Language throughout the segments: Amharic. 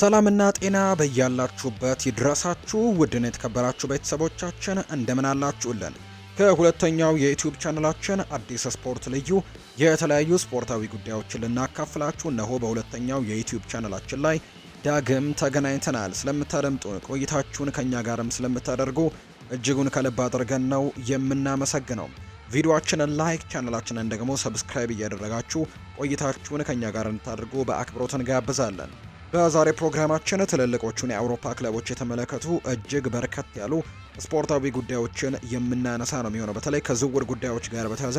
ሰላምና ጤና በያላችሁበት ይድረሳችሁ። ውድን የተከበራችሁ ቤተሰቦቻችን እንደምን አላችሁልን? ከሁለተኛው የዩቲዩብ ቻነላችን አዲስ ስፖርት ልዩ የተለያዩ ስፖርታዊ ጉዳዮችን ልናካፍላችሁ እነሆ በሁለተኛው የዩቲዩብ ቻነላችን ላይ ዳግም ተገናኝተናል። ስለምታደምጡ ቆይታችሁን ከእኛ ጋርም ስለምታደርጉ እጅጉን ከልብ አድርገን ነው የምናመሰግነው። ቪዲዮአችንን ላይክ ቻነላችንን ደግሞ ሰብስክራይብ እያደረጋችሁ ቆይታችሁን ከእኛ ጋር እንድታደርጉ በአክብሮት እንጋብዛለን። በዛሬ ፕሮግራማችን ትልልቆቹን የአውሮፓ ክለቦች የተመለከቱ እጅግ በርከት ያሉ ስፖርታዊ ጉዳዮችን የምናነሳ ነው የሚሆነው። በተለይ ከዝውውር ጉዳዮች ጋር በተያዘ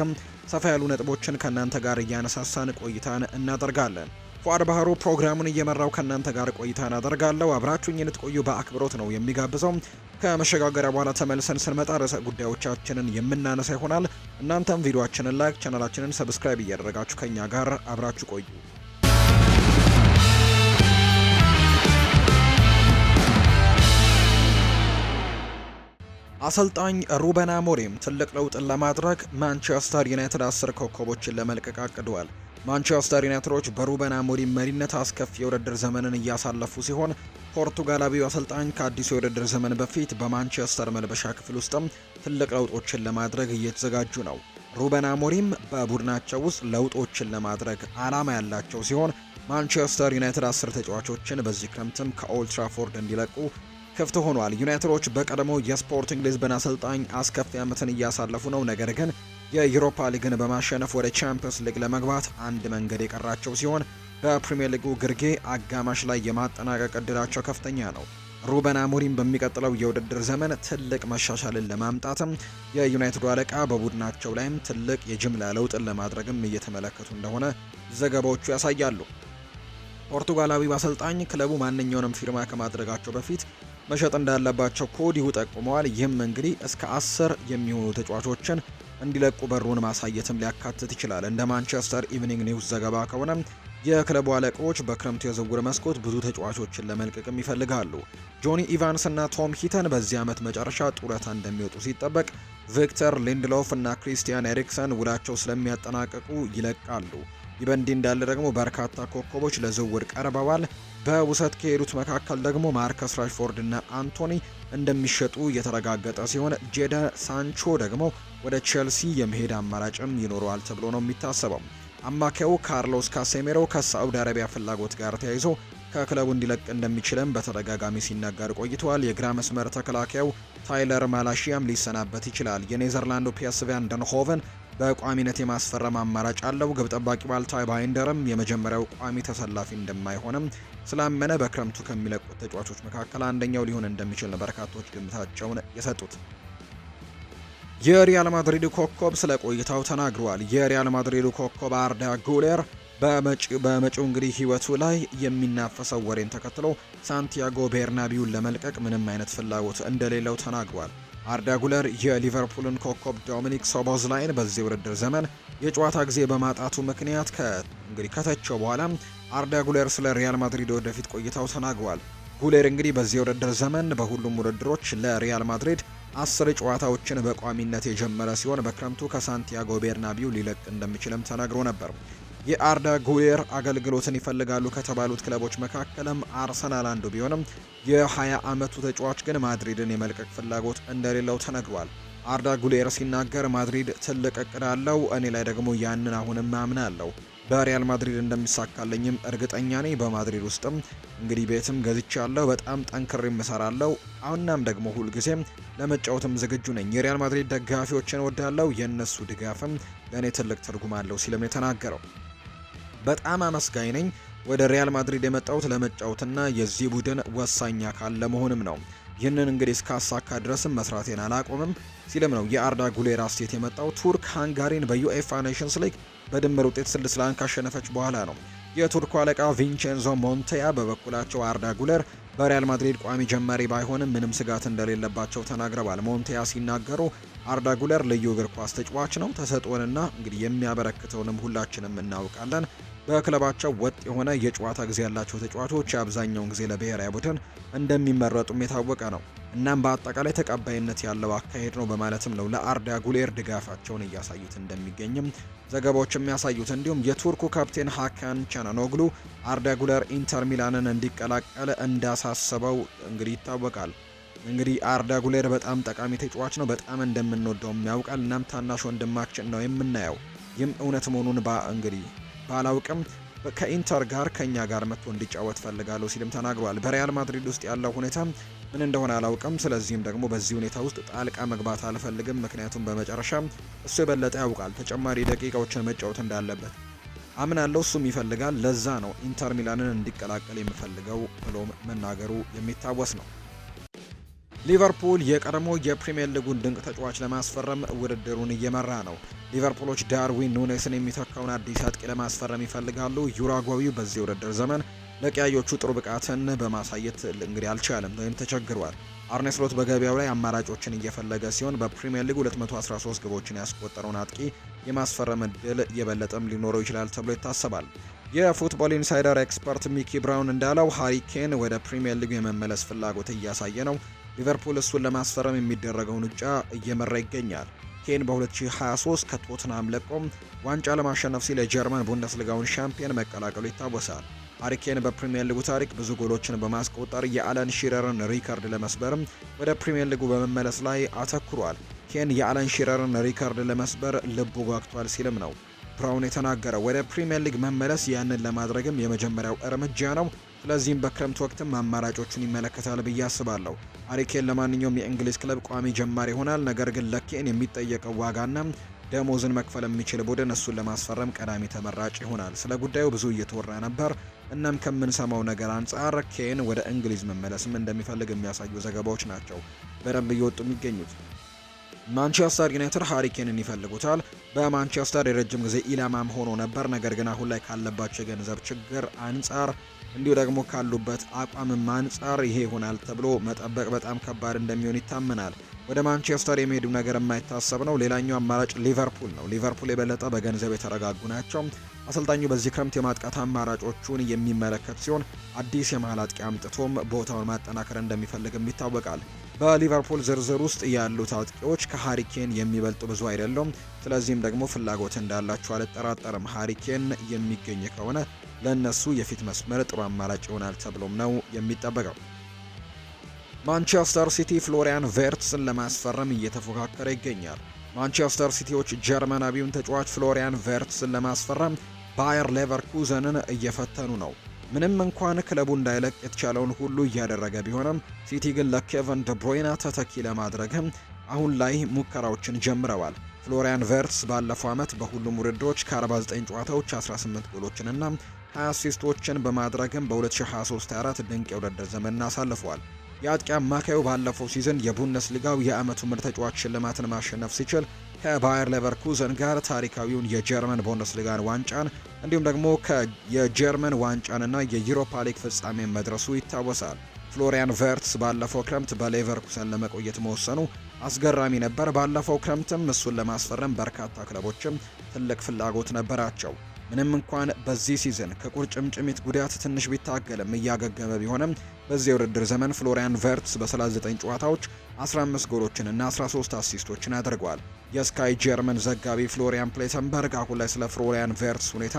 ሰፋ ያሉ ነጥቦችን ከእናንተ ጋር እያነሳሳን ቆይታን እናደርጋለን። ፏድ ባህሩ ፕሮግራሙን እየመራው ከእናንተ ጋር ቆይታን አደርጋለሁ። አብራችሁኝ ልትቆዩ በአክብሮት ነው የሚጋብዘው። ከመሸጋገሪያ በኋላ ተመልሰን ስንመጣ ርዕሰ ጉዳዮቻችንን የምናነሳ ይሆናል። እናንተም ቪዲዮችንን ላይክ፣ ቻናላችንን ሰብስክራይብ እያደረጋችሁ ከኛ ጋር አብራችሁ ቆዩ። አሰልጣኝ ሩበን አሞሪም ትልቅ ለውጥን ለማድረግ ማንቸስተር ዩናይትድ አስር ኮከቦችን ለመልቀቅ አቅደዋል። ማንቸስተር ዩናይትዶች በሩበን አሞሪም መሪነት አስከፊ የውድድር ዘመንን እያሳለፉ ሲሆን ፖርቱጋላዊው አሰልጣኝ ከአዲሱ የውድድር ዘመን በፊት በማንቸስተር መልበሻ ክፍል ውስጥም ትልቅ ለውጦችን ለማድረግ እየተዘጋጁ ነው። ሩበን አሞሪም በቡድናቸው ውስጥ ለውጦችን ለማድረግ ዓላማ ያላቸው ሲሆን ማንቸስተር ዩናይትድ አስር ተጫዋቾችን በዚህ ክረምትም ከኦልትራፎርድ እንዲለቁ ክፍት ሆኗል። ዩናይትዶች በቀድሞ የስፖርቲንግ ሊዝበን አሰልጣኝ አስከፊ ዓመትን እያሳለፉ ነው። ነገር ግን የዩሮፓ ሊግን በማሸነፍ ወደ ቻምፒየንስ ሊግ ለመግባት አንድ መንገድ የቀራቸው ሲሆን በፕሪምየር ሊጉ ግርጌ አጋማሽ ላይ የማጠናቀቅ ዕድላቸው ከፍተኛ ነው። ሩበን አሞሪም በሚቀጥለው የውድድር ዘመን ትልቅ መሻሻልን ለማምጣትም የዩናይትዱ አለቃ በቡድናቸው ላይም ትልቅ የጅምላ ለውጥን ለማድረግም እየተመለከቱ እንደሆነ ዘገባዎቹ ያሳያሉ። ፖርቱጋላዊው አሰልጣኝ ክለቡ ማንኛውንም ፊርማ ከማድረጋቸው በፊት መሸጥ እንዳለባቸው ኮዲሁ ጠቁመዋል። ይህም እንግዲህ እስከ አስር የሚሆኑ ተጫዋቾችን እንዲለቁ በሩን ማሳየትም ሊያካትት ይችላል። እንደ ማንቸስተር ኢቭኒንግ ኒውስ ዘገባ ከሆነ የክለቡ አለቆች በክረምቱ የዝውውር መስኮት ብዙ ተጫዋቾችን ለመልቀቅም ይፈልጋሉ። ጆኒ ኢቫንስ እና ቶም ሂተን በዚህ ዓመት መጨረሻ ጡረታ እንደሚወጡ ሲጠበቅ፣ ቪክተር ሊንድሎፍ እና ክሪስቲያን ኤሪክሰን ውላቸው ስለሚያጠናቅቁ ይለቃሉ። ይህ በእንዲህ እንዳለ ደግሞ በርካታ ኮከቦች ለዝውውር ቀርበዋል። በውሰት ከሄዱት መካከል ደግሞ ማርከስ ራሽፎርድ እና አንቶኒ እንደሚሸጡ የተረጋገጠ ሲሆን ጄደ ሳንቾ ደግሞ ወደ ቼልሲ የመሄድ አማራጭም ይኖረዋል ተብሎ ነው የሚታሰበው። አማካዩ ካርሎስ ካሴሜሮ ከሳዑዲ አረቢያ ፍላጎት ጋር ተያይዞ ከክለቡ እንዲለቅ እንደሚችልም በተደጋጋሚ ሲናገር ቆይተዋል። የግራ መስመር ተከላካዩ ታይለር ማላሺያም ሊሰናበት ይችላል። የኔዘርላንዱ ፒያስቪ አንደንሆቨን በቋሚነት የማስፈረም አማራጭ አለው። ግብ ጠባቂ ባልታይ ባይንደርም የመጀመሪያው ቋሚ ተሰላፊ እንደማይሆንም ስላመነ በክረምቱ ከሚለቁት ተጫዋቾች መካከል አንደኛው ሊሆን እንደሚችል በርካቶች ግምታቸውን የሰጡት። የሪያል ማድሪድ ኮከብ ስለ ቆይታው ተናግሯል። የሪያል ማድሪድ ኮከብ አርዳ ጉሌር በመጪው እንግዲህ ህይወቱ ላይ የሚናፈሰው ወሬን ተከትሎ ሳንቲያጎ ቤርናቢውን ለመልቀቅ ምንም አይነት ፍላጎት እንደሌለው ተናግሯል። አርዳ ጉለር የሊቨርፑልን ኮከብ ዶሚኒክ ሶቦዝላይን በዚህ ውድድር ዘመን የጨዋታ ጊዜ በማጣቱ ምክንያት እንግዲህ ከተቸው በኋላ አርዳ ጉለር ስለ ሪያል ማድሪድ ወደፊት ቆይታው ተናግሯል። ጉሌር እንግዲህ በዚህ ውድድር ዘመን በሁሉም ውድድሮች ለሪያል ማድሪድ አስር ጨዋታዎችን በቋሚነት የጀመረ ሲሆን በክረምቱ ከሳንቲያጎ ቤርናቢው ሊለቅ እንደሚችልም ተናግሮ ነበር። የአርዳ ጉዌር አገልግሎትን ይፈልጋሉ ከተባሉት ክለቦች መካከልም አርሰናል አንዱ ቢሆንም የ20 ዓመቱ ተጫዋች ግን ማድሪድን የመልቀቅ ፍላጎት እንደሌለው ተነግሯል። አርዳ ጉሌር ሲናገር ማድሪድ ትልቅ እቅድ አለው፣ እኔ ላይ ደግሞ ያንን አሁንም ማምን አለው። በሪያል ማድሪድ እንደሚሳካልኝም እርግጠኛ ነኝ። በማድሪድ ውስጥም እንግዲህ ቤትም ገዝቻለሁ፣ በጣም ጠንክሬም እሰራለሁ። አሁናም ደግሞ ሁልጊዜም ለመጫወትም ዝግጁ ነኝ። የሪያል ማድሪድ ደጋፊዎችን ወዳለው የእነሱ ድጋፍም ለእኔ ትልቅ ትርጉም አለው ሲልም የተናገረው በጣም አመስጋኝ ነኝ። ወደ ሪያል ማድሪድ የመጣሁት ለመጫወትና የዚህ ቡድን ወሳኝ አካል ለመሆንም ነው። ይህንን እንግዲህ እስካሳካ ድረስም መስራቴን አላቆምም ሲልም ነው የአርዳ ጉሌራ ስቴት የመጣው። ቱርክ ሃንጋሪን በዩኤፋ ኔሽንስ ሊግ በድምር ውጤት ስድስት ለአንድ ካሸነፈች በኋላ ነው። የቱርኩ አለቃ ቪንቼንዞ ሞንቴያ በበኩላቸው አርዳ ጉለር በሪያል ማድሪድ ቋሚ ጀማሪ ባይሆንም ምንም ስጋት እንደሌለባቸው ተናግረዋል። ሞንቴያ ሲናገሩ አርዳ ጉለር ልዩ እግር ኳስ ተጫዋች ነው። ተሰጥኦንና እንግዲህ የሚያበረክተውንም ሁላችንም እናውቃለን። በክለባቸው ወጥ የሆነ የጨዋታ ጊዜ ያላቸው ተጫዋቾች አብዛኛውን ጊዜ ለብሔራዊ ቡድን እንደሚመረጡም የታወቀ ነው። እናም በአጠቃላይ ተቀባይነት ያለው አካሄድ ነው በማለትም ነው ለአርዳ ጉሌር ድጋፋቸውን እያሳዩት እንደሚገኝም ዘገባዎች የሚያሳዩት። እንዲሁም የቱርኩ ካፕቴን ሀካን ቻናኖግሉ አርዳ ጉለር ኢንተር ሚላንን እንዲቀላቀል እንዳሳሰበው እንግዲህ ይታወቃል። እንግዲህ አርዳ ጉሌር በጣም ጠቃሚ ተጫዋች ነው፣ በጣም እንደምንወደው ያውቃል። እናም ታናሽ ወንድማችን ነው የምናየው። ይህም እውነት መሆኑን እንግዲህ ባላውቅም ከኢንተር ጋር ከኛ ጋር መጥቶ እንዲጫወት ፈልጋለሁ ሲልም ተናግሯል። በሪያል ማድሪድ ውስጥ ያለው ሁኔታ ምን እንደሆነ አላውቅም። ስለዚህም ደግሞ በዚህ ሁኔታ ውስጥ ጣልቃ መግባት አልፈልግም፣ ምክንያቱም በመጨረሻ እሱ የበለጠ ያውቃል ተጨማሪ ደቂቃዎችን መጫወት እንዳለበት አለው እሱም ይፈልጋል። ለዛ ነው ኢንተር ሚላንን እንዲቀላቀል የምፈልገው ብሎም መናገሩ የሚታወስ ነው። ሊቨርፑል የቀድሞ የፕሪምየር ሊጉን ድንቅ ተጫዋች ለማስፈረም ውድድሩን እየመራ ነው። ሊቨርፑሎች ዳርዊን ኑኔስን የሚተካውን አዲስ አጥቂ ለማስፈረም ይፈልጋሉ። ዩራጓዊው በዚህ ውድድር ዘመን ለቀያዮቹ ጥሩ ብቃትን በማሳየት እንግዲህ አልቻለም ወይም ተቸግሯል። አርኔስሎት በገበያው ላይ አማራጮችን እየፈለገ ሲሆን በፕሪምየር ሊግ 213 ግቦችን ያስቆጠረውን አጥቂ የማስፈረም እድል የበለጠም ሊኖረው ይችላል ተብሎ ይታሰባል። የፉትቦል ኢንሳይደር ኤክስፐርት ሚኪ ብራውን እንዳለው ሃሪ ኬን ወደ ፕሪምየር ሊጉ የመመለስ ፍላጎት እያሳየ ነው። ሊቨርፑል እሱን ለማስፈረም የሚደረገውን ውጫ እየመራ ይገኛል። ኬን በ2023 ከቶትናም ለቆም ዋንጫ ለማሸነፍ ሲል የጀርመን ቡንደስሊጋውን ሻምፒየን መቀላቀሉ ይታወሳል። አሪኬን በፕሪምየር ሊጉ ታሪክ ብዙ ጎሎችን በማስቆጠር የአለን ሺረርን ሪከርድ ለመስበርም ወደ ፕሪምየር ሊጉ በመመለስ ላይ አተኩሯል። ኬን የአለን ሺረርን ሪከርድ ለመስበር ልቡ ጓግቷል ሲልም ነው ብራውን የተናገረው። ወደ ፕሪምየር ሊግ መመለስ ያንን ለማድረግም የመጀመሪያው እርምጃ ነው። ስለዚህም በክረምት ወቅትም አማራጮቹን ይመለከታል ብዬ አስባለሁ። ሀሪኬን ለማንኛውም የእንግሊዝ ክለብ ቋሚ ጀማሪ ይሆናል። ነገር ግን ለኬን የሚጠየቀው ዋጋና ደሞዝን መክፈል የሚችል ቡድን እሱን ለማስፈረም ቀዳሚ ተመራጭ ይሆናል። ስለ ጉዳዩ ብዙ እየተወራ ነበር። እናም ከምንሰማው ነገር አንጻር ኬን ወደ እንግሊዝ መመለስም እንደሚፈልግ የሚያሳዩ ዘገባዎች ናቸው በደንብ እየወጡ የሚገኙት። ማንቸስተር ዩናይትድ ሀሪኬንን ይፈልጉታል። በማንቸስተር የረጅም ጊዜ ኢላማም ሆኖ ነበር። ነገር ግን አሁን ላይ ካለባቸው የገንዘብ ችግር አንጻር እንዲሁ ደግሞ ካሉበት አቋምም አንጻር ይሄ ይሆናል ተብሎ መጠበቅ በጣም ከባድ እንደሚሆን ይታመናል። ወደ ማንቸስተር የሚሄዱ ነገር የማይታሰብ ነው። ሌላኛው አማራጭ ሊቨርፑል ነው። ሊቨርፑል የበለጠ በገንዘብ የተረጋጉ ናቸው። አሰልጣኙ በዚህ ክረምት የማጥቃት አማራጮቹን የሚመለከት ሲሆን አዲስ የመሀል አጥቂ አምጥቶም ቦታውን ማጠናከር እንደሚፈልግም ይታወቃል። በሊቨርፑል ዝርዝር ውስጥ ያሉት አጥቂዎች ከሃሪኬን የሚበልጡ ብዙ አይደለም ስለዚህም ደግሞ ፍላጎት እንዳላቸው አልጠራጠርም። ሃሪኬን የሚገኝ ከሆነ ለእነሱ የፊት መስመር ጥሩ አማራጭ ይሆናል ተብሎም ነው የሚጠበቀው። ማንቸስተር ሲቲ ፍሎሪያን ቬርትስን ለማስፈረም እየተፎካከረ ይገኛል። ማንቸስተር ሲቲዎች ጀርመናዊውን ተጫዋች ፍሎሪያን ቬርትስን ለማስፈረም ባየር ሌቨርኩዘንን እየፈተኑ ነው። ምንም እንኳን ክለቡ እንዳይለቅ የተቻለውን ሁሉ እያደረገ ቢሆንም ሲቲ ግን ለኬቨን ደብሮይና ተተኪ ለማድረግም አሁን ላይ ሙከራዎችን ጀምረዋል። ፍሎሪያን ቬርትስ ባለፈው ዓመት በሁሉም ውድድሮች ከ49 ጨዋታዎች 18 ጎሎችንና አሲስቶችን በማድረግም በ2023/24 ድንቅ የውድድር ዘመን አሳልፏል። የአጥቂ አማካዩ ባለፈው ሲዝን የቡንደስሊጋው የአመቱ ምርጥ ተጫዋች ሽልማትን ማሸነፍ ሲችል ከባየር ሌቨርኩዘን ጋር ታሪካዊውን የጀርመን ቡንደስሊጋን ዋንጫን እንዲሁም ደግሞ የጀርመን ዋንጫንና የዩሮፓ ሊግ ፍጻሜ መድረሱ ይታወሳል። ፍሎሪያን ቨርትስ ባለፈው ክረምት በሌቨርኩሰን ለመቆየት መወሰኑ አስገራሚ ነበር። ባለፈው ክረምትም እሱን ለማስፈረም በርካታ ክለቦችም ትልቅ ፍላጎት ነበራቸው። ምንም እንኳን በዚህ ሲዝን ከቁርጭምጭሚት ጉዳት ትንሽ ቢታገልም እያገገመ ቢሆንም በዚህ የውድድር ዘመን ፍሎሪያን ቨርትስ በ39 ጨዋታዎች 15 ጎሎችንና 13 አሲስቶችን አድርጓል። የስካይ ጀርመን ዘጋቢ ፍሎሪያን ፕሌተንበርግ አሁን ላይ ስለ ፍሎሪያን ቨርትስ ሁኔታ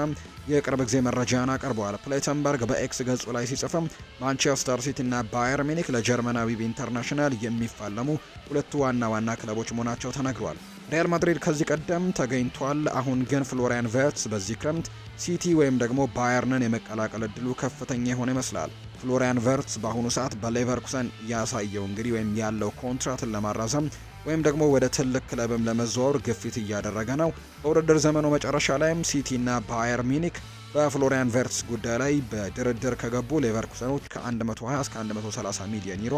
የቅርብ ጊዜ መረጃን አቅርበዋል። ፕሌተንበርግ በኤክስ ገጹ ላይ ሲጽፍም ማንቸስተር ሲቲ እና ባየር ሚኒክ ለጀርመናዊ ኢንተርናሽናል የሚፋለሙ ሁለቱ ዋና ዋና ክለቦች መሆናቸው ተነግሯል። ሪያል ማድሪድ ከዚህ ቀደም ተገኝቷል። አሁን ግን ፍሎሪያን ቨርትስ በዚህ ክረምት ሲቲ ወይም ደግሞ ባየርንን የመቀላቀል እድሉ ከፍተኛ የሆነ ይመስላል። ፍሎሪያን ቨርትስ በአሁኑ ሰዓት በሌቨርኩሰን ያሳየው እንግዲህ ወይም ያለው ኮንትራትን ለማራዘም ወይም ደግሞ ወደ ትልቅ ክለብም ለመዘዋወር ግፊት እያደረገ ነው። በውድድር ዘመኑ መጨረሻ ላይም ሲቲና ባየር ሚኒክ በፍሎሪያን ቨርትስ ጉዳይ ላይ በድርድር ከገቡ ሌቨርኩሰኖች ከ120 እስከ 130 ሚሊዮን ዩሮ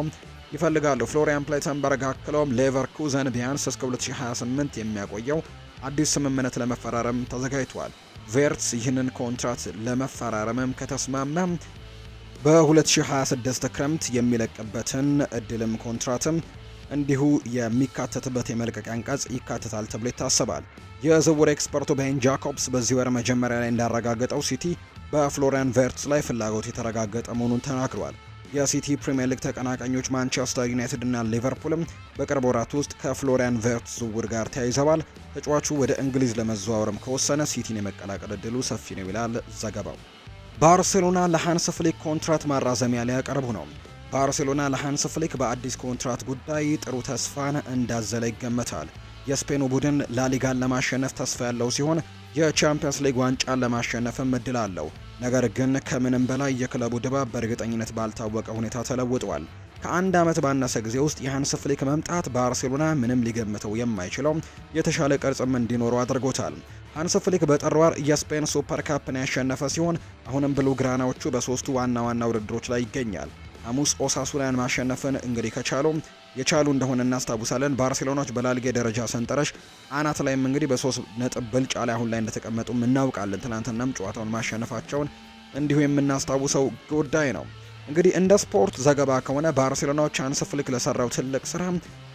ይፈልጋሉ። ፍሎሪያን ፕላይተንበርግ አክለውም ሌቨርኩዘን ቢያንስ እስከ 2028 የሚያቆየው አዲስ ስምምነት ለመፈራረም ተዘጋጅቷል። ቬርትስ ይህንን ኮንትራት ለመፈራረምም ከተስማማ በ2026 ክረምት የሚለቅበትን እድልም ኮንትራትም እንዲሁ የሚካተትበት የመልቀቂያ አንቀጽ ይካተታል ተብሎ ይታሰባል። የዝውውር ኤክስፐርቱ ቤን ጃኮብስ በዚህ ወር መጀመሪያ ላይ እንዳረጋገጠው ሲቲ በፍሎሪያን ቨርትስ ላይ ፍላጎት የተረጋገጠ መሆኑን ተናግሯል። የሲቲ ፕሪምየር ሊግ ተቀናቃኞች ማንቸስተር ዩናይትድ እና ሊቨርፑልም በቅርብ ወራት ውስጥ ከፍሎሪያን ቨርትስ ዝውውር ጋር ተያይዘዋል። ተጫዋቹ ወደ እንግሊዝ ለመዘዋወርም ከወሰነ ሲቲን የመቀላቀል እድሉ ሰፊ ነው ይላል ዘገባው። ባርሴሎና ለሃንስ ፍሊክ ኮንትራት ማራዘሚያ ሊያቀርቡ ነው። ባርሴሎና ለሃንስ ፍሊክ በአዲስ ኮንትራት ጉዳይ ጥሩ ተስፋን እንዳዘለ ይገመታል። የስፔኑ ቡድን ላሊጋን ለማሸነፍ ተስፋ ያለው ሲሆን የቻምፒየንስ ሊግ ዋንጫን ለማሸነፍም እድል አለው። ነገር ግን ከምንም በላይ የክለቡ ድባብ በእርግጠኝነት ባልታወቀ ሁኔታ ተለውጧል። ከአንድ ዓመት ባነሰ ጊዜ ውስጥ የሃንስ ፍሊክ መምጣት ባርሴሎና ምንም ሊገምተው የማይችለው የተሻለ ቅርጽም እንዲኖረው አድርጎታል። ሃንስ ፍሊክ በጥር ወር የስፔን ሱፐር ካፕን ያሸነፈ ሲሆን አሁንም ብሉ ግራናዎቹ በሶስቱ ዋና ዋና ውድድሮች ላይ ይገኛል። ሐሙስ ኦሳሱናን ማሸነፍን እንግዲህ ከቻሉ የቻሉ እንደሆነ እናስታውሳለን። ባርሴሎናዎች በላሊጋ ደረጃ ሰንጠረዥ አናት ላይም እንግዲህ በሶስት ነጥብ ብልጫ ላይ አሁን ላይ እንደተቀመጡም እናውቃለን። ትናንትናም ጨዋታውን ማሸነፋቸውን እንዲሁ የምናስታውሰው ጉዳይ ነው። እንግዲህ እንደ ስፖርት ዘገባ ከሆነ ባርሴሎናዎች ሃንሲ ፍሊክ ለሰራው ትልቅ ስራ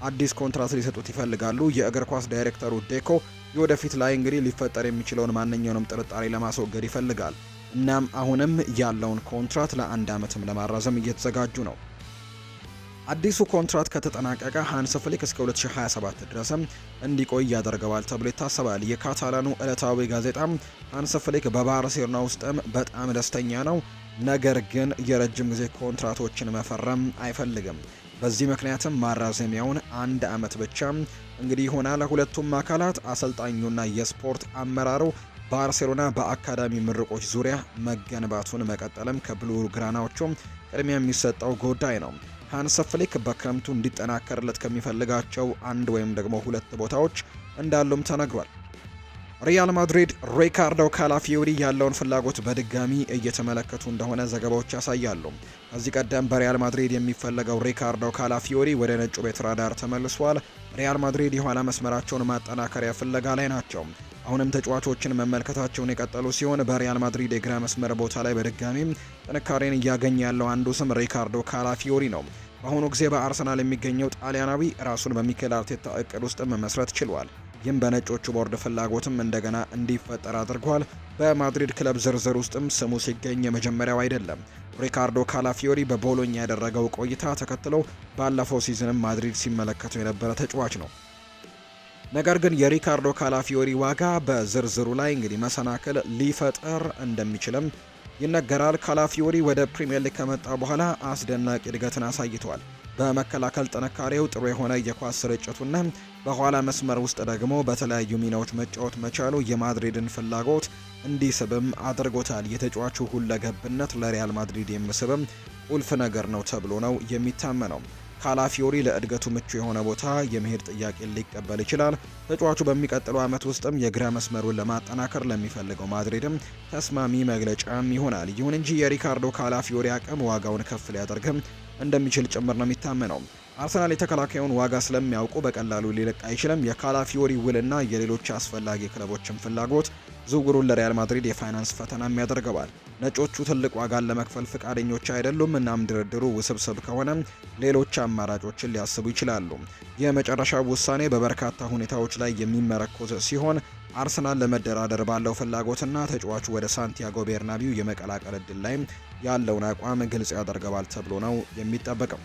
አዲስ ኮንትራት ሊሰጡት ይፈልጋሉ። የእግር ኳስ ዳይሬክተሩ ዴኮ የወደፊት ላይ እንግዲህ ሊፈጠር የሚችለውን ማንኛውንም ጥርጣሬ ለማስወገድ ይፈልጋል። እናም አሁንም ያለውን ኮንትራት ለአንድ ዓመትም ለማራዘም እየተዘጋጁ ነው። አዲሱ ኮንትራት ከተጠናቀቀ ሃንስ ፍሊክ እስከ 2027 ድረስም እንዲቆይ ያደርገዋል ተብሎ ይታሰባል። የካታላኑ ዕለታዊ ጋዜጣ ሃንስ ፍሊክ በባርሴሎና ውስጥም በጣም ደስተኛ ነው፣ ነገር ግን የረጅም ጊዜ ኮንትራቶችን መፈረም አይፈልግም። በዚህ ምክንያትም ማራዘሚያውን አንድ ዓመት ብቻ እንግዲህ ይሆናል። ሁለቱም አካላት አሰልጣኙና የስፖርት አመራሩ ባርሴሎና በአካዳሚ ምርቆች ዙሪያ መገንባቱን መቀጠልም ከብሉ ግራናዎቹም ቅድሚያ የሚሰጠው ጉዳይ ነው። ሃንስ ፍሊክ በክረምቱ እንዲጠናከርለት ከሚፈልጋቸው አንድ ወይም ደግሞ ሁለት ቦታዎች እንዳሉም ተነግሯል። ሪያል ማድሪድ ሪካርዶ ካላፊዮሪ ያለውን ፍላጎት በድጋሚ እየተመለከቱ እንደሆነ ዘገባዎች ያሳያሉ። ከዚህ ቀደም በሪያል ማድሪድ የሚፈለገው ሪካርዶ ካላፊዮሪ ወደ ነጩ ቤት ራዳር ተመልሷል። ሪያል ማድሪድ የኋላ መስመራቸውን ማጠናከሪያ ፍለጋ ላይ ናቸው። አሁንም ተጫዋቾችን መመልከታቸውን የቀጠሉ ሲሆን በሪያል ማድሪድ የግራ መስመር ቦታ ላይ በድጋሚም ጥንካሬን እያገኘ ያለው አንዱ ስም ሪካርዶ ካላፊዮሪ ነው። በአሁኑ ጊዜ በአርሰናል የሚገኘው ጣሊያናዊ ራሱን በሚኬል አርቴታ እቅድ ውስጥ መመስረት ችሏል። ይህም በነጮቹ ቦርድ ፍላጎትም እንደገና እንዲፈጠር አድርጓል። በማድሪድ ክለብ ዝርዝር ውስጥም ስሙ ሲገኝ የመጀመሪያው አይደለም። ሪካርዶ ካላፊዮሪ በቦሎኛ ያደረገው ቆይታ ተከትሎ ባለፈው ሲዝንም ማድሪድ ሲመለከተው የነበረ ተጫዋች ነው። ነገር ግን የሪካርዶ ካላፊዮሪ ዋጋ በዝርዝሩ ላይ እንግዲህ መሰናክል ሊፈጥር እንደሚችልም ይነገራል። ካላፊዮሪ ወደ ፕሪምየር ሊግ ከመጣ በኋላ አስደናቂ እድገትን አሳይቷል። በመከላከል ጥንካሬው ጥሩ የሆነ የኳስ ስርጭቱና በኋላ መስመር ውስጥ ደግሞ በተለያዩ ሚናዎች መጫወት መቻሉ የማድሪድን ፍላጎት እንዲስብም አድርጎታል። የተጫዋቹ ሁለገብነት ለሪያል ማድሪድ የሚስብም ቁልፍ ነገር ነው ተብሎ ነው የሚታመነው። ካላፊዮሪ ለእድገቱ ምቹ የሆነ ቦታ የመሄድ ጥያቄ ሊቀበል ይችላል። ተጫዋቹ በሚቀጥለው ዓመት ውስጥም የግራ መስመሩን ለማጠናከር ለሚፈልገው ማድሪድም ተስማሚ መግለጫም ይሆናል። ይሁን እንጂ የሪካርዶ ካላፊዮሪ አቅም ዋጋውን ከፍ ሊያደርግም እንደሚችል ጭምር ነው የሚታመነው። አርሰናል የተከላካዩን ዋጋ ስለሚያውቁ በቀላሉ ሊለቅ አይችልም። የካላፊዮሪ ውልና የሌሎች አስፈላጊ ክለቦችን ፍላጎት ዝውውሩን ለሪያል ማድሪድ የፋይናንስ ፈተናም ያደርገዋል። ነጮቹ ትልቅ ዋጋን ለመክፈል ፈቃደኞች አይደሉም። እናም ድርድሩ ውስብስብ ከሆነ ሌሎች አማራጮችን ሊያስቡ ይችላሉ። የመጨረሻ ውሳኔ በበርካታ ሁኔታዎች ላይ የሚመረኮዝ ሲሆን አርሰናል ለመደራደር ባለው ፍላጎትና ተጫዋቹ ወደ ሳንቲያጎ ቤርናቢው የመቀላቀል እድል ላይ ያለውን አቋም ግልጽ ያደርገዋል ተብሎ ነው የሚጠበቀው።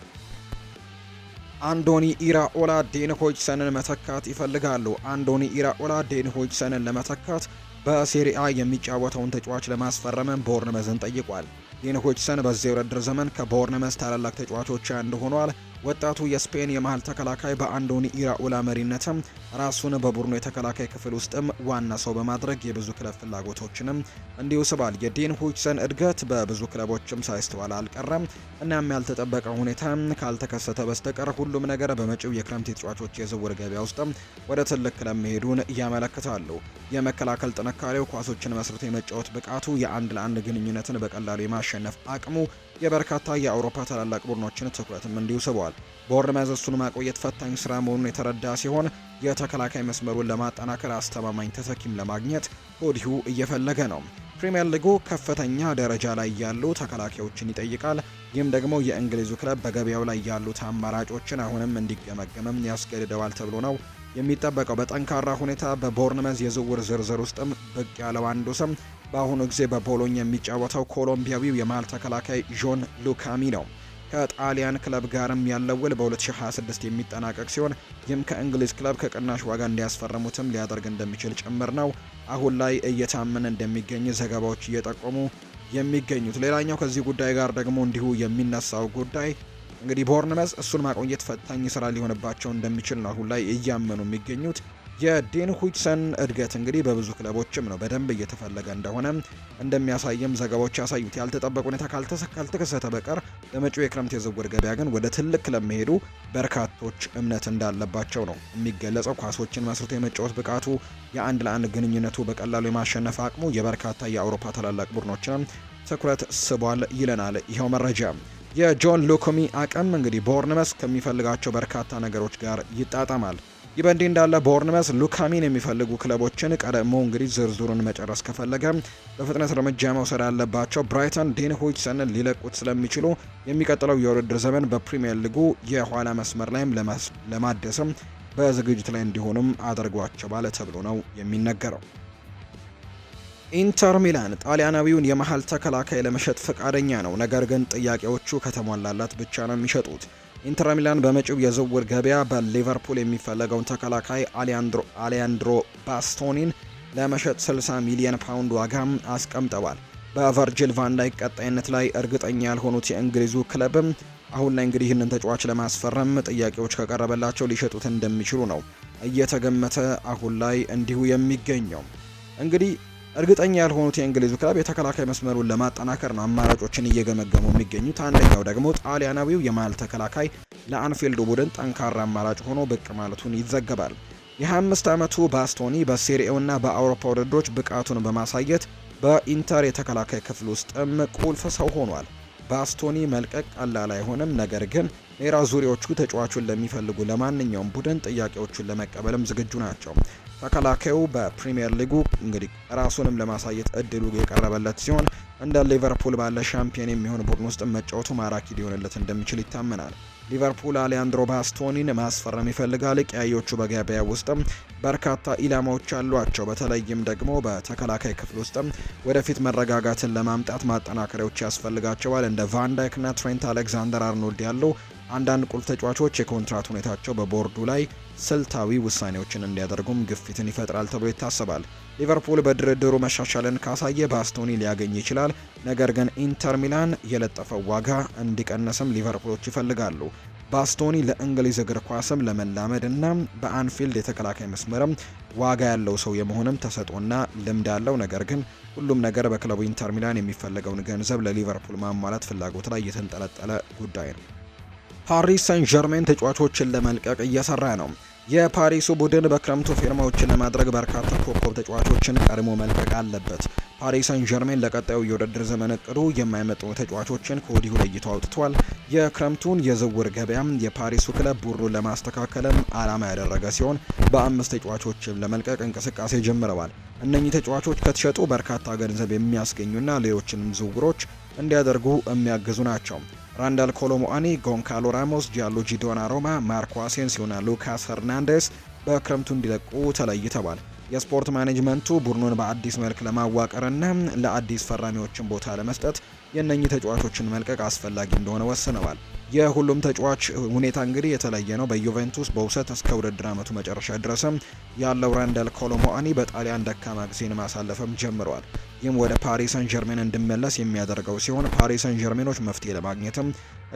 አንዶኒ ኢራኦላ ዴንሆችሰንን መተካት ይፈልጋሉ። አንዶኒ ኢራኦላ ዴንሆችሰንን ለመተካት በሴሪአ የሚጫወተውን ተጫዋች ለማስፈረምን ቦርንመዝን ጠይቋል። ዴንሆችሰን በዚህ የውድድር ዘመን ከቦርንመዝ ታላላቅ ተጫዋቾች አንዱ ሆኗል። ወጣቱ የስፔን የመሃል ተከላካይ በአንዶኒ ኢራኡላ መሪነትም ራሱን በቡድኑ የተከላካይ ክፍል ውስጥም ዋና ሰው በማድረግ የብዙ ክለብ ፍላጎቶችንም እንዲውስባል። የዴን ሁችሰን እድገት በብዙ ክለቦችም ሳይስተዋል አልቀረም። እናም ያልተጠበቀ ሁኔታ ካልተከሰተ በስተቀር ሁሉም ነገር በመጪው የክረምት ተጫዋቾች የዝውውር ገበያ ውስጥም ወደ ትልቅ ክለብ መሄዱን ያመለክታሉ። የመከላከል ጥንካሬው፣ ኳሶችን መስርቶ የመጫወት ብቃቱ፣ የአንድ ለአንድ ግንኙነትን በቀላሉ የማሸነፍ አቅሙ የበርካታ የአውሮፓ ታላላቅ ቡድኖችን ትኩረትም እንዲውስበዋል። ስቧል። ቦርንመዝ እሱን ማቆየት ፈታኝ ስራ መሆኑን የተረዳ ሲሆን የተከላካይ መስመሩን ለማጠናከር አስተማማኝ ተተኪም ለማግኘት ወዲሁ እየፈለገ ነው። ፕሪምየር ሊጉ ከፍተኛ ደረጃ ላይ ያሉ ተከላካዮችን ይጠይቃል። ይህም ደግሞ የእንግሊዙ ክለብ በገበያው ላይ ያሉት አማራጮችን አሁንም እንዲገመገምም ያስገድደዋል ተብሎ ነው የሚጠበቀው። በጠንካራ ሁኔታ በቦርንመዝ የዝውውር ዝርዝር ውስጥም ብቅ ያለው አንዱ ስም በአሁኑ ጊዜ በቦሎኛ የሚጫወተው ኮሎምቢያዊው የመሃል ተከላካይ ዦን ሉካሚ ነው። ከጣሊያን ክለብ ጋርም ያለው ውል በ2026 የሚጠናቀቅ ሲሆን ይህም ከእንግሊዝ ክለብ ከቅናሽ ዋጋ እንዲያስፈርሙትም ሊያደርግ እንደሚችል ጭምር ነው አሁን ላይ እየታመነ እንደሚገኝ ዘገባዎች እየጠቆሙ የሚገኙት። ሌላኛው ከዚህ ጉዳይ ጋር ደግሞ እንዲሁ የሚነሳው ጉዳይ እንግዲህ ቦርንመስ እሱን ማቆየት ፈታኝ ስራ ሊሆንባቸው እንደሚችል ነው አሁን ላይ እያመኑ የሚገኙት። የዴን ሁይትሰን እድገት እንግዲህ በብዙ ክለቦችም ነው በደንብ እየተፈለገ እንደሆነ እንደሚያሳይም ዘገባዎች ያሳዩት። ያልተጠበቀ ሁኔታ ካልተከሰተ በቀር ለመጪው የክረምት የዝውውር ገበያ ግን ወደ ትልቅ ክለብ መሄዱ በርካቶች እምነት እንዳለባቸው ነው የሚገለጸው። ኳሶችን መስርቶ የመጫወት ብቃቱ፣ የአንድ ለአንድ ግንኙነቱ፣ በቀላሉ የማሸነፍ አቅሙ የበርካታ የአውሮፓ ታላላቅ ቡድኖችንም ትኩረት ስቧል ይለናል ይኸው መረጃ። የጆን ሎኮሚ አቅም እንግዲህ ቦርንመስ ከሚፈልጋቸው በርካታ ነገሮች ጋር ይጣጣማል። ይህ በእንዲህ እንዳለ ቦርንመስ ሉካሚን የሚፈልጉ ክለቦችን ቀድሞ እንግዲህ ዝርዝሩን መጨረስ ከፈለገ በፍጥነት እርምጃ መውሰድ አለባቸው። ብራይተን ዴን ሊለቁት ስለሚችሉ የሚቀጥለው የውድድር ዘመን በፕሪምየር ሊጉ የኋላ መስመር ላይም ለማደስም በዝግጅት ላይ እንዲሆኑም አድርጓቸዋል ተብሎ ነው የሚነገረው። ኢንተር ሚላን ጣሊያናዊውን የመሀል ተከላካይ ለመሸጥ ፈቃደኛ ነው። ነገር ግን ጥያቄዎቹ ከተሟላላት ብቻ ነው የሚሸጡት። ኢንተር ሚላን በመጪው የዝውውር ገበያ በሊቨርፑል የሚፈለገውን ተከላካይ አሊያንድሮ ባስቶኒን ለመሸጥ 60 ሚሊዮን ፓውንድ ዋጋም አስቀምጠዋል። በቨርጂል ቫን ላይ ቀጣይነት ላይ እርግጠኛ ያልሆኑት የእንግሊዙ ክለብም አሁን ላይ እንግዲህ ይህንን ተጫዋች ለማስፈረም ጥያቄዎች ከቀረበላቸው ሊሸጡት እንደሚችሉ ነው እየተገመተ አሁን ላይ እንዲሁ የሚገኘው እንግዲህ እርግጠኛ ያልሆኑት የእንግሊዙ ክለብ የተከላካይ መስመሩን ለማጠናከር ነው አማራጮችን እየገመገሙ የሚገኙት። አንደኛው ደግሞ ጣሊያናዊው የመሃል ተከላካይ ለአንፊልድ ቡድን ጠንካራ አማራጭ ሆኖ ብቅ ማለቱን ይዘገባል። የ25 ዓመቱ ባስቶኒ በሴሪኤውና በአውሮፓ ውድድሮች ብቃቱን በማሳየት በኢንተር የተከላካይ ክፍል ውስጥም ቁልፍ ሰው ሆኗል። ባስቶኒ መልቀቅ ቀላል አይሆንም፣ ነገር ግን ኔራ ዙሪዎቹ ተጫዋቹን ለሚፈልጉ ለማንኛውም ቡድን ጥያቄዎቹን ለመቀበልም ዝግጁ ናቸው። ተከላካዩ በፕሪምየር ሊጉ እንግዲህ ራሱንም ለማሳየት እድሉ የቀረበለት ሲሆን እንደ ሊቨርፑል ባለ ሻምፒዮን የሚሆን ቡድን ውስጥ መጫወቱ ማራኪ ሊሆንለት እንደሚችል ይታመናል። ሊቨርፑል አሊያንድሮ ባስቶኒን ማስፈረም ይፈልጋል። ቀያዮቹ በገበያ ውስጥም በርካታ ኢላማዎች አሏቸው። በተለይም ደግሞ በተከላካይ ክፍል ውስጥም ወደፊት መረጋጋትን ለማምጣት ማጠናከሪያዎች ያስፈልጋቸዋል። እንደ ቫንዳይክና ትሬንት አሌክዛንደር አርኖልድ ያለው አንዳንድ ቁልፍ ተጫዋቾች የኮንትራት ሁኔታቸው በቦርዱ ላይ ስልታዊ ውሳኔዎችን እንዲያደርጉም ግፊትን ይፈጥራል ተብሎ ይታሰባል። ሊቨርፑል በድርድሩ መሻሻልን ካሳየ ባስቶኒ ሊያገኝ ይችላል። ነገር ግን ኢንተር ሚላን የለጠፈው ዋጋ እንዲቀንስም ሊቨርፑሎች ይፈልጋሉ። ባስቶኒ ለእንግሊዝ እግር ኳስም ለመላመድ እና በአንፊልድ የተከላካይ መስመርም ዋጋ ያለው ሰው የመሆንም ተሰጥኦና ልምድ አለው። ነገር ግን ሁሉም ነገር በክለቡ ኢንተር ሚላን የሚፈለገውን ገንዘብ ለሊቨርፑል ማሟላት ፍላጎት ላይ የተንጠለጠለ ጉዳይ ነው። ፓሪስ ሳን ዠርሜን ተጫዋቾችን ለመልቀቅ እየሰራ ነው። የፓሪሱ ቡድን በክረምቱ ፊርማዎችን ለማድረግ በርካታ ኮከብ ተጫዋቾችን ቀድሞ መልቀቅ አለበት። ፓሪስ ሳን ዠርሜን ለቀጣዩ የውድድር ዘመን እቅዱ የማይመጡ ተጫዋቾችን ከወዲሁ ለይቶ አውጥቷል። የክረምቱን የዝውውር ገበያም የፓሪሱ ክለብ ቡድኑን ለማስተካከልም ዓላማ ያደረገ ሲሆን በአምስት ተጫዋቾችም ለመልቀቅ እንቅስቃሴ ጀምረዋል። እነኚህ ተጫዋቾች ከተሸጡ በርካታ ገንዘብ የሚያስገኙና ሌሎችንም ዝውውሮች እንዲያደርጉ የሚያግዙ ናቸው። ራንዳል ኮሎሞአኒ፣ ጎንካሎ ራሞስ፣ ጂያሉጂ ዶናሮማ፣ ማርኮ አሴንሲዮና ሉካስ ሄርናንዴስ በክረምቱ እንዲለቁ ተለይተዋል። የስፖርት ማኔጅመንቱ ቡድኑን በአዲስ መልክ ለማዋቀርና ለአዲስ ፈራሚዎችን ቦታ ለመስጠት የእነኚህ ተጫዋቾችን መልቀቅ አስፈላጊ እንደሆነ ወስነዋል። የሁሉም ተጫዋች ሁኔታ እንግዲህ የተለየ ነው። በዩቬንቱስ በውሰት እስከ ውድድር ዓመቱ መጨረሻ ድረስም ያለው ራንዳል ኮሎሞአኒ በጣሊያን ደካማ ጊዜን ማሳለፍም ጀምረዋል። ይህም ወደ ሰን ጀርሜን እንዲመለስ የሚያደርገው ሲሆን ሰን ጀርሜኖች መፍትሄ ለማግኘትም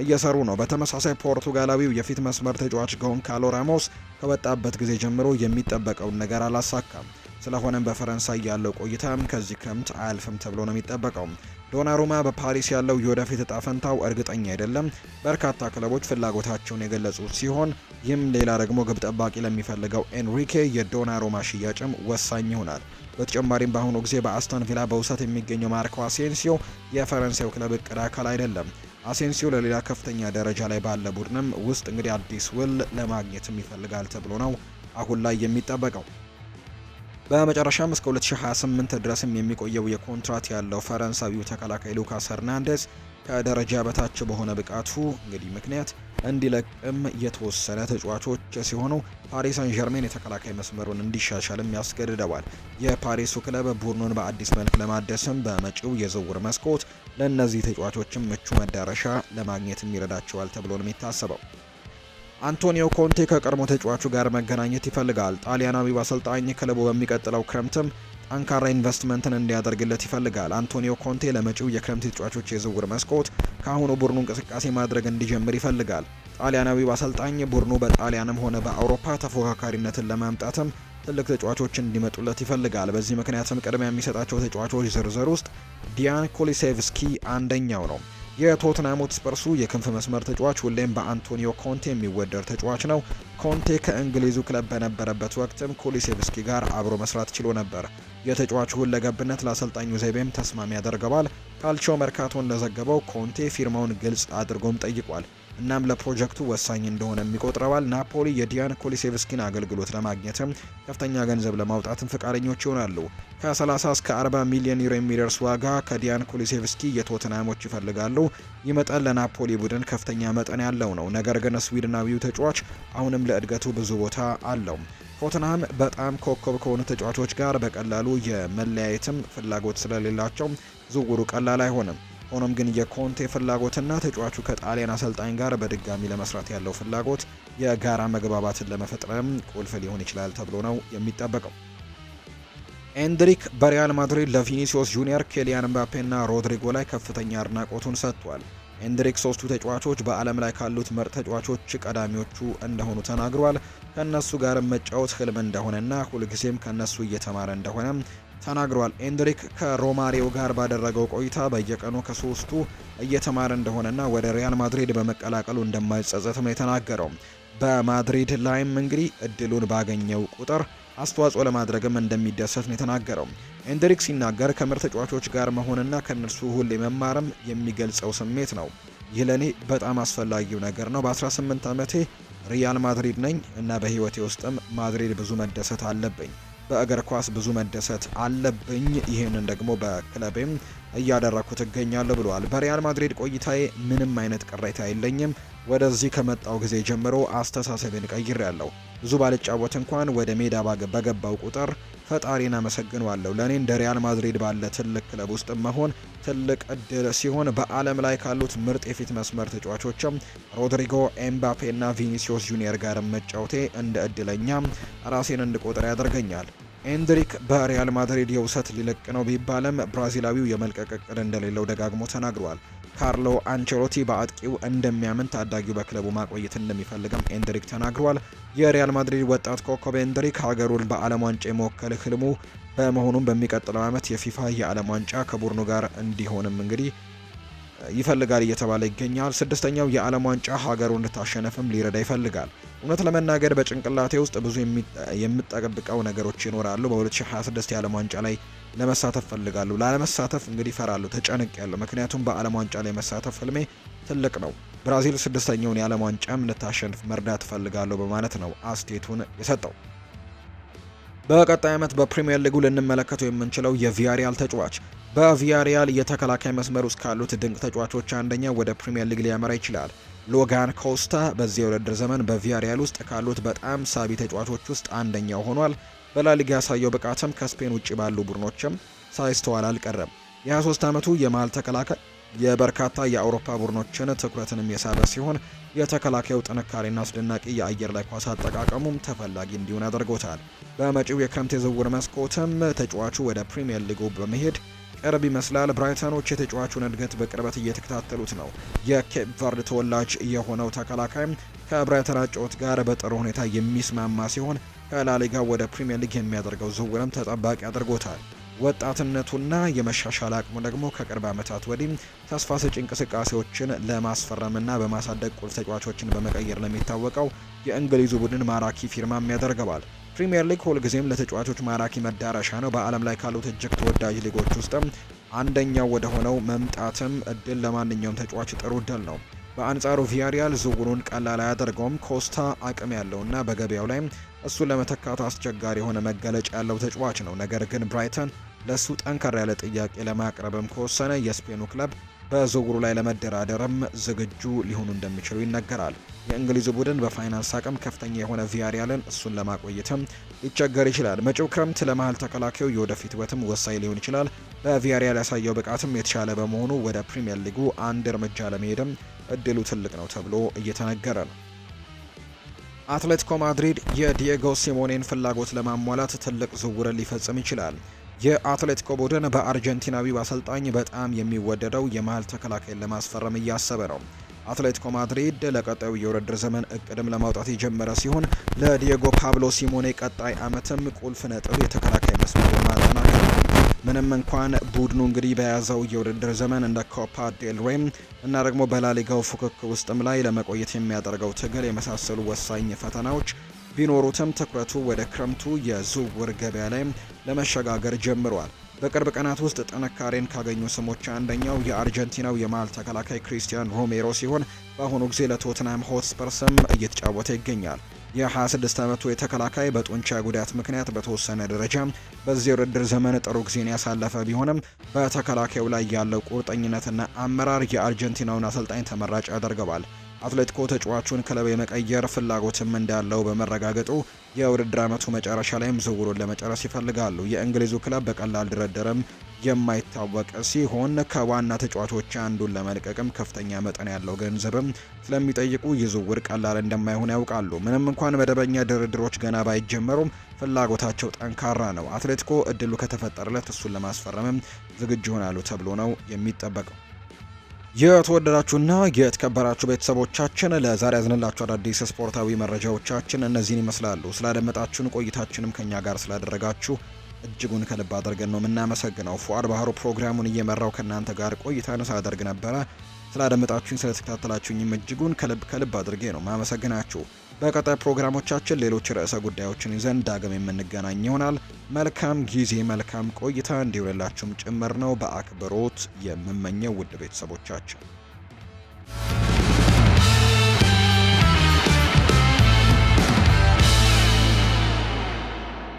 እየሰሩ ነው። በተመሳሳይ ፖርቱጋላዊው የፊት መስመር ተጫዋች ጎንካሎ ራሞስ ከወጣበት ጊዜ ጀምሮ የሚጠበቀውን ነገር አላሳካም። ስለሆነም በፈረንሳይ ያለው ቆይታም ከዚህ ክረምት አያልፍም ተብሎ ነው የሚጠበቀው። ዶናሩማ በፓሪስ ያለው የወደፊት እጣ ፈንታው እርግጠኛ አይደለም። በርካታ ክለቦች ፍላጎታቸውን የገለጹ ሲሆን ይህም ሌላ ደግሞ ግብ ጠባቂ ለሚፈልገው ኤንሪኬ የዶናሩማ ሽያጭም ወሳኝ ይሆናል። በተጨማሪም በአሁኑ ጊዜ በአስተን ቪላ በውሰት የሚገኘው ማርኮ አሴንሲዮ የፈረንሳዩ ክለብ እቅድ አካል አይደለም። አሴንሲዮ ለሌላ ከፍተኛ ደረጃ ላይ ባለ ቡድንም ውስጥ እንግዲህ አዲስ ውል ለማግኘትም ይፈልጋል ተብሎ ነው አሁን ላይ የሚጠበቀው። በመጨረሻም እስከ 2028 ድረስም የሚቆየው የኮንትራት ያለው ፈረንሳዊው ተከላካይ ሉካስ ሄርናንዴዝ ከደረጃ በታች በሆነ ብቃቱ እንግዲህ ምክንያት እንዲለቅም የተወሰነ ተጫዋቾች ሲሆኑ ፓሪስ ሳን ዠርሜን የተከላካይ መስመሩን እንዲሻሻልም ያስገድደዋል። የፓሪሱ ክለብ ቡድኑን በአዲስ መልክ ለማደስም በመጪው የዝውውር መስኮት ለእነዚህ ተጫዋቾችም ምቹ መዳረሻ ለማግኘትም ይረዳቸዋል ተብሎ ነው የሚታሰበው። አንቶኒዮ ኮንቴ ከቀድሞ ተጫዋቹ ጋር መገናኘት ይፈልጋል። ጣሊያናዊው አሰልጣኝ ክለቡ በሚቀጥለው ክረምትም አንካራ ኢንቨስትመንትን እንዲያደርግለት ይፈልጋል። አንቶኒዮ ኮንቴ ለመጪው የክረምት ተጫዋቾች የዝውውር መስኮት ከአሁኑ ቡድኑ እንቅስቃሴ ማድረግ እንዲጀምር ይፈልጋል። ጣሊያናዊው አሰልጣኝ ቡድኑ በጣሊያንም ሆነ በአውሮፓ ተፎካካሪነትን ለማምጣትም ትልቅ ተጫዋቾች እንዲመጡለት ይፈልጋል። በዚህ ምክንያትም ቅድሚያ የሚሰጣቸው ተጫዋቾች ዝርዝር ውስጥ ዲያን ኩሊሴቭስኪ አንደኛው ነው። የቶትናም ሆትስፐርሱ የክንፍ መስመር ተጫዋች ሁሌም በአንቶኒዮ ኮንቴ የሚወደድ ተጫዋች ነው። ኮንቴ ከእንግሊዙ ክለብ በነበረበት ወቅትም ኩሊሴቭስኪ ጋር አብሮ መስራት ችሎ ነበር። የተጫዋቹ ሁለገብነት ለአሰልጣኙ ዘይቤም ተስማሚ ያደርገዋል። ካልቾ መርካቶ እንደዘገበው ኮንቴ ፊርማውን ግልጽ አድርጎም ጠይቋል። እናም ለፕሮጀክቱ ወሳኝ እንደሆነ የሚቆጥረዋል። ናፖሊ የዲያን ኮሊሴቭስኪን አገልግሎት ለማግኘትም ከፍተኛ ገንዘብ ለማውጣትም ፈቃደኞች ይሆናሉ። ከ30 እስከ 40 ሚሊዮን ዩሮ የሚደርስ ዋጋ ከዲያን ኮሊሴቭስኪ የቶትናሞች ይፈልጋሉ። ይህ መጠን ለናፖሊ ቡድን ከፍተኛ መጠን ያለው ነው። ነገር ግን ስዊድናዊው ተጫዋች አሁንም ለእድገቱ ብዙ ቦታ አለው። ቶትናም በጣም ኮከብ ከሆኑ ተጫዋቾች ጋር በቀላሉ የመለያየትም ፍላጎት ስለሌላቸው ዝውውሩ ቀላል አይሆንም። ሆኖም ግን የኮንቴ ፍላጎትና ተጫዋቹ ከጣሊያን አሰልጣኝ ጋር በድጋሚ ለመስራት ያለው ፍላጎት የጋራ መግባባትን ለመፈጠርም ቁልፍ ሊሆን ይችላል ተብሎ ነው የሚጠበቀው። ኤንድሪክ በሪያል ማድሪድ ለቪኒሲዮስ ጁኒየር፣ ኬሊያን ምባፔና ሮድሪጎ ላይ ከፍተኛ አድናቆቱን ሰጥቷል። ኤንድሪክ ሶስቱ ተጫዋቾች በዓለም ላይ ካሉት ምርጥ ተጫዋቾች ቀዳሚዎቹ እንደሆኑ ተናግሯል። ከእነሱ ጋር መጫወት ህልም እንደሆነና ሁልጊዜም ከእነሱ እየተማረ እንደሆነ ተናግሯል። ኤንድሪክ ከሮማሪዮ ጋር ባደረገው ቆይታ በየቀኑ ከሶስቱ እየተማረ እንደሆነና ወደ ሪያል ማድሪድ በመቀላቀሉ እንደማይጸጸትም ነው የተናገረው። በማድሪድ ላይም እንግዲህ እድሉን ባገኘው ቁጥር አስተዋጽኦ ለማድረግም እንደሚደሰት ነው የተናገረው። ኤንድሪክ ሲናገር ከምርጥ ተጫዋቾች ጋር መሆንና ከእነርሱ ሁሌ መማርም የሚገልጸው ስሜት ነው። ይህ ለእኔ በጣም አስፈላጊው ነገር ነው። በ18 ዓመቴ ሪያል ማድሪድ ነኝ እና በህይወቴ ውስጥም ማድሪድ ብዙ መደሰት አለብኝ በእግር ኳስ ብዙ መደሰት አለብኝ። ይህንን ደግሞ በክለቤም እያደረኩት እገኛለሁ ብለዋል። በሪያል ማድሪድ ቆይታዬ ምንም አይነት ቅሬታ የለኝም። ወደዚህ ከመጣው ጊዜ ጀምሮ አስተሳሰብን ቀይር ያለው ብዙ ባልጫወት እንኳን ወደ ሜዳ በገባው ቁጥር ፈጣሪን አመሰግነዋለሁ። ለእኔ እንደ ሪያል ማድሪድ ባለ ትልቅ ክለብ ውስጥ መሆን ትልቅ እድል ሲሆን በዓለም ላይ ካሉት ምርጥ የፊት መስመር ተጫዋቾችም ሮድሪጎ፣ ኤምባፔ እና ቪኒሲዮስ ጁኒየር ጋር መጫወቴ እንደ እድለኛ ራሴን እንድቆጥር ያደርገኛል። ኤንድሪክ በሪያል ማድሪድ የውሰት ሊለቅ ነው ቢባልም ብራዚላዊው የመልቀቅ እቅድ እንደሌለው ደጋግሞ ተናግሯል። ካርሎ አንቸሎቲ በአጥቂው እንደሚያምን ታዳጊው በክለቡ ማቆየት እንደሚፈልግም ኤንድሪክ ተናግሯል። የሪያል ማድሪድ ወጣት ኮከብ ኤንድሪክ ሀገሩን በዓለም ዋንጫ የመወከል ህልሙ በመሆኑም በሚቀጥለው ዓመት የፊፋ የዓለም ዋንጫ ከቡድኑ ጋር እንዲሆንም እንግዲህ ይፈልጋል እየተባለ ይገኛል። ስድስተኛው የዓለም ዋንጫ ሀገሩ እንድታሸነፍም ሊረዳ ይፈልጋል። እውነት ለመናገር በጭንቅላቴ ውስጥ ብዙ የምጠብቀው ነገሮች ይኖራሉ። በ2026 የዓለም ዋንጫ ላይ ለመሳተፍ ፈልጋሉ። ላለመሳተፍ እንግዲህ ይፈራሉ፣ ተጨንቅ ያለሁ። ምክንያቱም በዓለም ዋንጫ ላይ መሳተፍ ህልሜ ትልቅ ነው። ብራዚል ስድስተኛውን የዓለም ዋንጫም ልታሸንፍ መርዳት ፈልጋለሁ በማለት ነው አስቴቱን የሰጠው። በቀጣይ ዓመት በፕሪምየር ሊጉ ልንመለከተው የምንችለው የቪያሪያል ተጫዋች በቪያሪያል የተከላካይ መስመር ውስጥ ካሉት ድንቅ ተጫዋቾች አንደኛ ወደ ፕሪምየር ሊግ ሊያመራ ይችላል። ሎጋን ኮስታ በዚህ የውድድር ዘመን በቪያሪያል ውስጥ ካሉት በጣም ሳቢ ተጫዋቾች ውስጥ አንደኛው ሆኗል። በላሊጋ ያሳየው ብቃትም ከስፔን ውጭ ባሉ ቡድኖችም ሳይስተዋል አልቀረም። የ23 ዓመቱ የመሃል ተከላካይ የበርካታ የአውሮፓ ቡድኖችን ትኩረትንም የሳበ ሲሆን የተከላካዩ ጥንካሬና አስደናቂ የአየር ላይ ኳስ አጠቃቀሙም ተፈላጊ እንዲሆን አድርጎታል። በመጪው የክረምት የዝውውር መስኮትም ተጫዋቹ ወደ ፕሪምየር ሊጉ በመሄድ ቅርብ ይመስላል። ብራይተኖች የተጫዋቹን እድገት በቅርበት እየተከታተሉት ነው። የኬፕ ቨርድ ተወላጅ የሆነው ተከላካይም ከብራይተን አጨዋወት ጋር በጥሩ ሁኔታ የሚስማማ ሲሆን ከላሊጋ ወደ ፕሪምየር ሊግ የሚያደርገው ዝውውርም ተጠባቂ አድርጎታል። ወጣትነቱና የመሻሻል አቅሙ ደግሞ ከቅርብ ዓመታት ወዲህ ተስፋ ሰጪ እንቅስቃሴዎችን ለማስፈረምና በማሳደግ ቁልፍ ተጫዋቾችን በመቀየር ለሚታወቀው የእንግሊዙ ቡድን ማራኪ ፊርማም ያደርገዋል። ፕሪምየር ሊግ ሁልጊዜም ለተጫዋቾች ማራኪ መዳረሻ ነው። በዓለም ላይ ካሉት እጅግ ተወዳጅ ሊጎች ውስጥም አንደኛው ወደ ሆነው መምጣትም እድል ለማንኛውም ተጫዋች ጥሩ እድል ነው። በአንጻሩ ቪያሪያል ዝውውሩን ቀላል አያደርገውም። ኮስታ አቅም ያለውና በገበያው ላይ እሱን ለመተካቱ አስቸጋሪ የሆነ መገለጫ ያለው ተጫዋች ነው። ነገር ግን ብራይተን ለሱ ጠንከር ያለ ጥያቄ ለማቅረብም ከወሰነ የስፔኑ ክለብ በዝውውሩ ላይ ለመደራደርም ዝግጁ ሊሆኑ እንደሚችሉ ይነገራል። የእንግሊዙ ቡድን በፋይናንስ አቅም ከፍተኛ የሆነ ቪያሪያልን እሱን ለማቆየትም ሊቸገር ይችላል። መጪው ክረምት ለመሀል ተከላካዩ የወደፊት ሕይወትም ወሳኝ ሊሆን ይችላል። በቪያሪያል ያሳየው ብቃትም የተሻለ በመሆኑ ወደ ፕሪምየር ሊጉ አንድ እርምጃ ለመሄድም እድሉ ትልቅ ነው ተብሎ እየተነገረ ነው። አትሌቲኮ ማድሪድ የዲየጎ ሲሞኔን ፍላጎት ለማሟላት ትልቅ ዝውውርን ሊፈጽም ይችላል። የአትሌቲኮ ቡድን በአርጀንቲናዊው አሰልጣኝ በጣም የሚወደደው የመሀል ተከላካይን ለማስፈረም እያሰበ ነው። አትሌቲኮ ማድሪድ ለቀጣዩ የውድድር ዘመን እቅድም ለማውጣት የጀመረ ሲሆን ለዲየጎ ፓብሎ ሲሞኔ ቀጣይ ዓመትም ቁልፍ ነጥብ የተከላካይ መስመር ማጠናከር ምንም እንኳን ቡድኑ እንግዲህ በያዘው የውድድር ዘመን እንደ ኮፓ ዴል ሬም እና ደግሞ በላሊጋው ፉክክር ውስጥም ላይ ለመቆየት የሚያደርገው ትግል የመሳሰሉ ወሳኝ ፈተናዎች ቢኖሩትም ትኩረቱ ወደ ክረምቱ የዝውውር ገበያ ላይ ለመሸጋገር ጀምሯል። በቅርብ ቀናት ውስጥ ጥንካሬን ካገኙ ስሞች አንደኛው የአርጀንቲናው የመሃል ተከላካይ ክሪስቲያን ሮሜሮ ሲሆን በአሁኑ ጊዜ ለቶትናም ሆትስፐርስም እየተጫወተ ይገኛል። የ26 ዓመቱ የተከላካይ በጡንቻ ጉዳት ምክንያት በተወሰነ ደረጃ በዚህ ውድድር ዘመን ጥሩ ጊዜን ያሳለፈ ቢሆንም በተከላካዩ ላይ ያለው ቁርጠኝነትና አመራር የአርጀንቲናውን አሰልጣኝ ተመራጭ ያደርገዋል። አትሌቲኮ ተጫዋቹን ክለብ የመቀየር ፍላጎትም እንዳለው በመረጋገጡ የውድድር ዓመቱ መጨረሻ ላይም ዝውውሩን ለመጨረስ ይፈልጋሉ። የእንግሊዙ ክለብ በቀላል ድርድርም የማይታወቅ ሲሆን ከዋና ተጫዋቾች አንዱን ለመልቀቅም ከፍተኛ መጠን ያለው ገንዘብም ስለሚጠይቁ ይዝውውር ቀላል እንደማይሆን ያውቃሉ። ምንም እንኳን መደበኛ ድርድሮች ገና ባይጀመሩም ፍላጎታቸው ጠንካራ ነው። አትሌቲኮ እድሉ ከተፈጠረለት እሱን ለማስፈረምም ዝግጁ ይሆናሉ ተብሎ ነው የሚጠበቀው። የተወደዳችሁና የተከበራችሁ ቤተሰቦቻችን ለዛሬ ያዝንላችሁ አዳዲስ ስፖርታዊ መረጃዎቻችን እነዚህን ይመስላሉ። ስላደመጣችሁን ቆይታችንም ከእኛ ጋር ስላደረጋችሁ እጅጉን ከልብ አድርገን ነው የምናመሰግነው። ፉአድ ባህሩ ፕሮግራሙን እየመራው ከእናንተ ጋር ቆይታን ሳደርግ ነበረ። ስላደመጣችሁኝ፣ ስለተከታተላችሁኝም እጅጉን ከልብ ከልብ አድርጌ ነው ማመሰግናችሁ። በቀጣይ ፕሮግራሞቻችን ሌሎች ርዕሰ ጉዳዮችን ይዘን ዳግም የምንገናኝ ይሆናል። መልካም ጊዜ፣ መልካም ቆይታ እንዲውልላችሁም ጭምር ነው በአክብሮት የምመኘው ውድ ቤተሰቦቻችን።